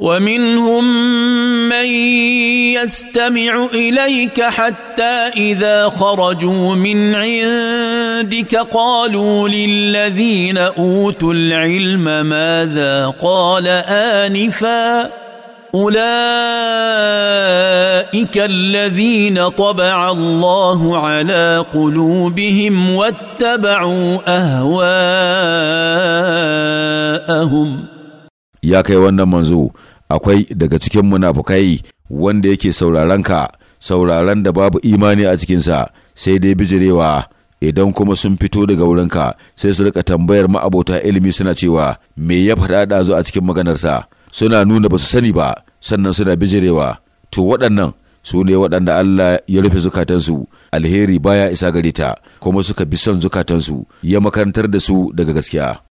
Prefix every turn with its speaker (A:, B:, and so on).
A: ومنهم من يستمع اليك حتى اذا خرجوا من عندك قالوا للذين اوتوا العلم ماذا قال انفا اولئك الذين طبع الله على قلوبهم واتبعوا اهواءهم
B: ya kai wannan
C: manzo akwai daga cikin munafukai wanda yake sauraron ka sauraron da babu imani a cikinsa sai dai bijirewa idan kuma sun fito daga wurinka sai su rika tambayar ma'abota ilimi suna cewa me ya faɗa ɗazu a cikin maganarsa suna nuna ba su sani ba sannan suna bijirewa to waɗannan su ne waɗanda Allah ya rufe zukatansu alheri baya isa gare ta kuma suka bi son zukatansu ya
D: makantar da su daga gaskiya